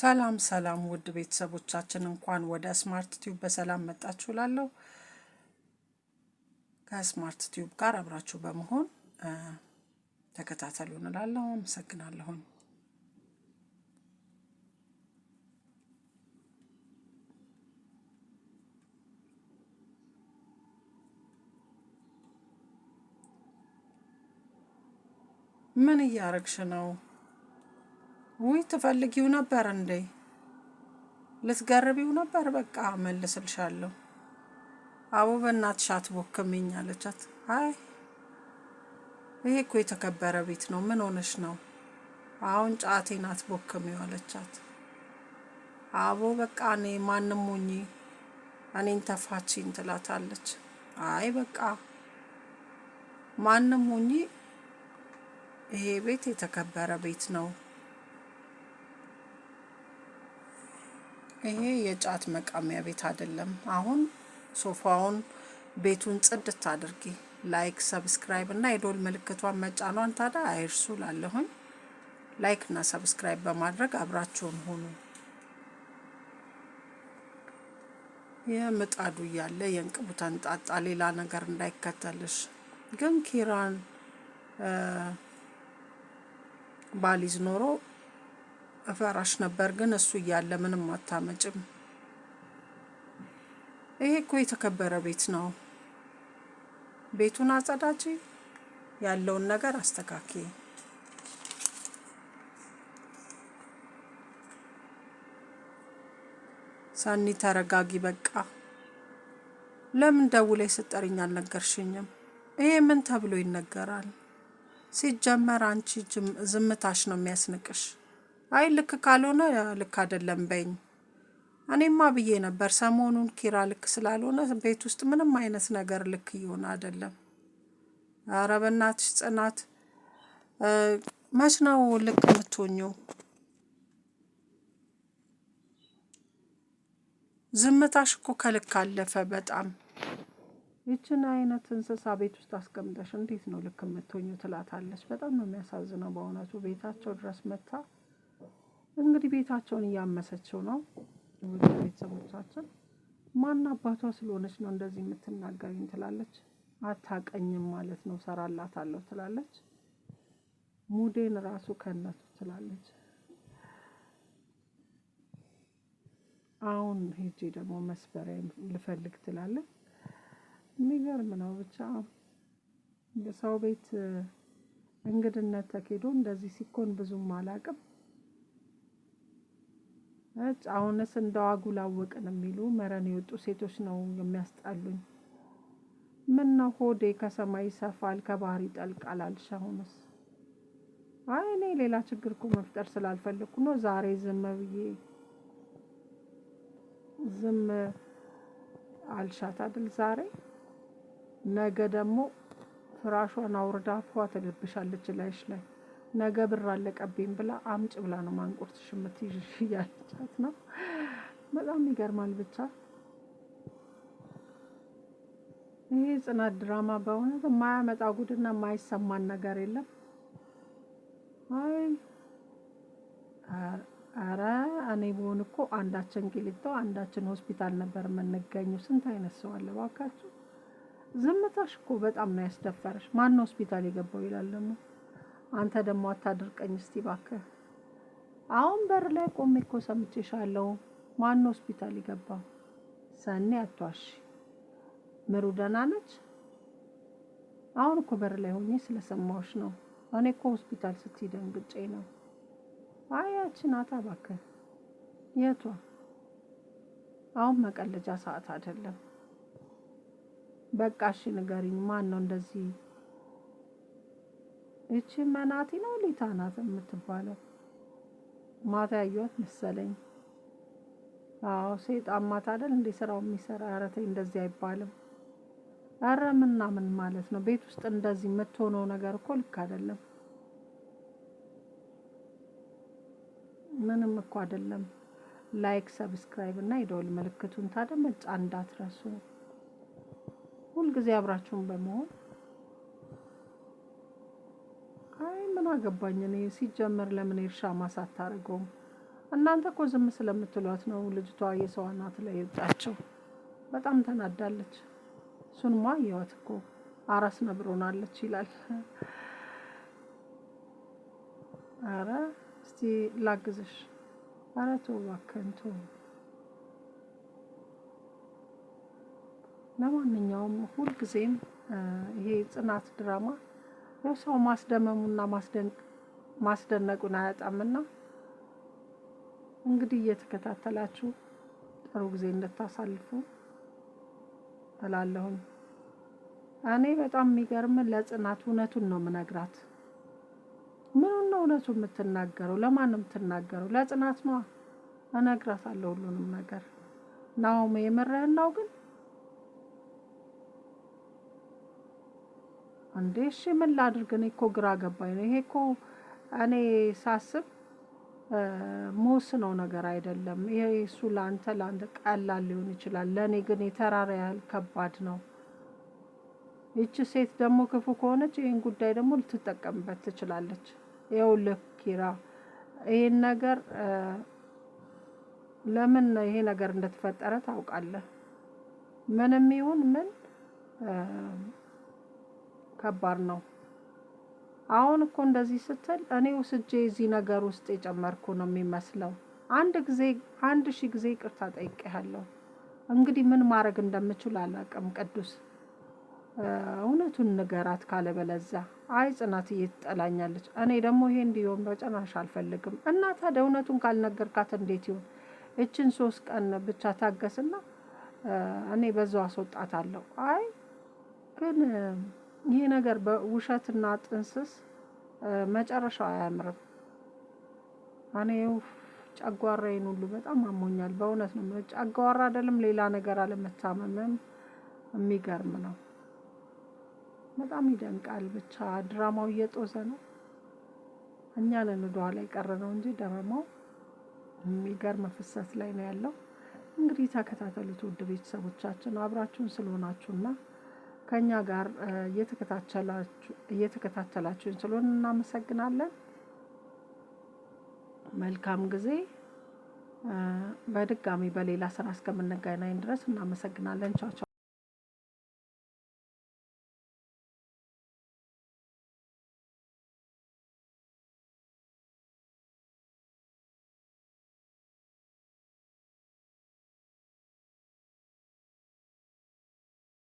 ሰላም ሰላም ውድ ቤተሰቦቻችን እንኳን ወደ ስማርት ቲዩብ በሰላም መጣችሁ ላለው ከስማርት ቲዩብ ጋር አብራችሁ በመሆን ተከታተሉን እላለሁ። አመሰግናለሁኝ። ምን እያረግሽ ነው? ውይ ትፈልጊው ነበር እንዴ? ልትገርቢው ነበር? በቃ መልስልሻለሁ። አቡ በእናትሽ አትቦክሚኝ አለቻት። አይ ይሄ እኮ የተከበረ ቤት ነው። ምን ሆነሽ ነው? አሁን ጫቴን አትቦክሚው አለቻት። አቦ በቃ እኔ ማንም ሙኝ እኔን ተፋችኝ ትላታለች። አይ በቃ ማንም ሙኝ ይሄ ቤት የተከበረ ቤት ነው ይሄ የጫት መቃሚያ ቤት አይደለም። አሁን ሶፋውን ቤቱን ጽድት አድርጊ። ላይክ፣ ሰብስክራይብ እና የዶል ምልክቷን መጫኗን ታዲያ አይርሱ። ላለሁኝ ላይክ እና ሰብስክራይብ በማድረግ አብራችሁን ሁኑ። የምጣዱ እያለ የእንቅቡ ተንጣጣ ሌላ ነገር እንዳይከተልሽ። ግን ኪራን ባሊዝ ኖሮ እፈራሽ ነበር፣ ግን እሱ እያለ ምንም አታመጭም። ይሄ እኮ የተከበረ ቤት ነው። ቤቱን አጸዳጂ፣ ያለውን ነገር አስተካኪ። ሰኒ ተረጋጊ፣ በቃ ለምን ደውለሽ ስጠሪኝ አልነገርሽኝም? ይሄ ምን ተብሎ ይነገራል? ሲጀመር አንቺ ዝምታሽ ነው የሚያስንቅሽ። አይ ልክ ካልሆነ ልክ አይደለም በኝ። እኔማ ብዬ ነበር ሰሞኑን ኪራ ልክ ስላልሆነ ቤት ውስጥ ምንም አይነት ነገር ልክ እየሆነ አይደለም። ኧረ በእናትሽ ጽናት መች ነው ልክ የምትሆኚው? ዝምታሽ እኮ ከልክ አለፈ በጣም። ይችን አይነት እንስሳ ቤት ውስጥ አስቀምጠሽ እንዴት ነው ልክ የምትሆኚው? ትላታለች። በጣም ነው የሚያሳዝነው በእውነቱ ቤታቸው ድረስ መታ እንግዲህ ቤታቸውን እያመሰችው ነው። ቤተሰቦቻችን ማን አባቷ ስለሆነች ነው እንደዚህ የምትናገሪኝ ትላለች። አታቀኝም ማለት ነው ሰራላታለሁ ትላለች። ሙዴን ራሱ ከነሱ ትላለች። አሁን ሄጄ ደግሞ መስበሪያ ልፈልግ ትላለች። የሚገርም ነው ብቻ በሰው ቤት እንግድነት ተኬዶ እንደዚህ ሲኮን ብዙም አላቅም። አሁንስ እንደዋጉል አወቅን የሚሉ መረን የወጡ ሴቶች ነው የሚያስጣሉኝ። ምን ነው ሆዴ ከሰማይ ይሰፋል ከባህር ይጠልቃል አልሽ? አሁንስ አይ እኔ ሌላ ችግር እኮ መፍጠር ስላልፈለግኩ ነው ዛሬ ዝም ብዬ ዝም አልሻት አይደል? ዛሬ ነገ ደግሞ ፍራሿን አውርዳ ፏ ትልብሻለች ላይሽ ላይ ነገ ብር አለቀብኝ ብላ አምጭ ብላ ነው ማንቁርት ሽምት እያለቻት ነው። በጣም ይገርማል። ብቻ ይሄ ጽናት ድራማ በእውነት የማያመጣ ጉድና የማይሰማን ነገር የለም። አይ አረ እኔ በሆን እኮ አንዳችን ቂሊቶ አንዳችን ሆስፒታል ነበር የምንገኘው። ስንት አይነት ሰው አለ ባካችሁ። ዝምታሽ እኮ በጣም ነው ያስደፈረሽ። ማን ሆስፒታል የገባው ይላል ደግሞ አንተ ደግሞ አታድርቀኝ እስቲ ባከ አሁን በር ላይ ቆሜ እኮ ሰምቼሻለሁ። ማን ሆስፒታል ይገባ? ሰኔ አቷሽ ምሩ ደህና ነች? አሁን እኮ በር ላይ ሆኜ ስለሰማሁሽ ነው። እኔ እኮ ሆስፒታል ስትይ ደንግጬ ነው። አይ ያቺ ናታ የቷ? አሁን መቀለጃ ሰዓት አይደለም። በቃ እሺ ንገሪኝ፣ ማን ነው እንደዚህ ይቺ መናቲ ነው ሊታ ናት የምትባለው። ማታ ያየኋት መሰለኝ። አዎ ሴጣን ማታ አይደል እንዴ ስራው የሚሰራ? ኧረ ተይ እንደዚህ አይባልም። ኧረ ምና ምን ማለት ነው? ቤት ውስጥ እንደዚህ የምትሆነው ነገር እኮ ልክ አይደለም። ምንም እኮ አይደለም። ላይክ፣ ሰብስክራይብ እና የደወል ምልክቱን ታዲያ መጫን እንዳትረሱ። ሁልጊዜ አብራችሁን በመሆን አይ ምን አገባኝ እኔ ሲጀመር ለምን እርሻ ማሳ አታደርገውም? እናንተ እኮ ዝም ስለምትሏት ነው ልጅቷ የሰው አናት ላይ የወጣቸው። በጣም ተናዳለች። እሱንማ አየዋት እኮ አራስ ነብር ይላል። አረ እስቲ ላግዝሽ። አረ ተው እባክህን ተው። ለማንኛውም ሁልጊዜም ይሄ ጽናት ድራማ ሰው ማስደመሙና ማስደነቁን አያጣምና እንግዲህ እየተከታተላችሁ ጥሩ ጊዜ እንድታሳልፉ እላለሁኝ። እኔ በጣም የሚገርም ለጽናት እውነቱን ነው የምነግራት። ምኑን ነው እውነቱ የምትናገረው? ለማን የምትናገረው? ለጽናት ነዋ። እነግራታለሁ ሁሉንም ነገር ናሆም የምርህን ነው ግን እንዴ እሺ ምን ላድርግ? እኔ እኮ ግራ ገባኝ ነው። ይሄ እኮ እኔ ሳስብ ነው ነገር አይደለም። ይሄ እሱ ለአንተ ለአንተ ቀላል ሊሆን ይችላል፣ ለእኔ ግን የተራራ ያህል ከባድ ነው። ይቺ ሴት ደግሞ ክፉ ከሆነች ይህን ጉዳይ ደግሞ ልትጠቀምበት ትችላለች። ይኸውልህ ኪራ ይህን ነገር ለምን ይሄ ነገር እንደተፈጠረ ታውቃለህ። ምንም ይሁን ምን ከባድ ነው። አሁን እኮ እንደዚህ ስትል እኔ ውስጄ እዚህ ነገር ውስጥ የጨመርኩ ነው የሚመስለው። አንድ ጊዜ አንድ ሺህ ጊዜ ይቅርታ ጠይቄሃለሁ። እንግዲህ ምን ማድረግ እንደምችል አላውቅም። ቅዱስ እውነቱን ንገራት፣ ካለበለዚያ አይ ጽናት እየትጠላኛለች። እኔ ደግሞ ይሄ እንዲሆን በጭራሽ አልፈልግም። እና ታዲያ እውነቱን ካልነገርካት እንዴት ይሆን? እችን ሶስት ቀን ብቻ ታገስና እኔ በዛው አስወጣታለሁ። አይ ግን ይህ ነገር በውሸትና ጥንስስ መጨረሻው አያምርም። እኔ ጨጓራዬን ሁሉ በጣም አሞኛል። በእውነት ነው ጨጓራ አይደለም ሌላ ነገር አለመታመምም የሚገርም ነው። በጣም ይደንቃል። ብቻ ድራማው እየጦዘ ነው። እኛ ነን ወደኋላ የቀረ ነው እንጂ ድራማው የሚገርም ፍሰት ላይ ነው ያለው። እንግዲህ ተከታተሉት ውድ ቤተሰቦቻችን አብራችሁን ስለሆናችሁና ከኛ ጋር እየተከታተላችሁን ስለሆን እናመሰግናለን። መልካም ጊዜ። በድጋሚ በሌላ ስራ እስከምንገናኝ ድረስ እናመሰግናለን። ቻው።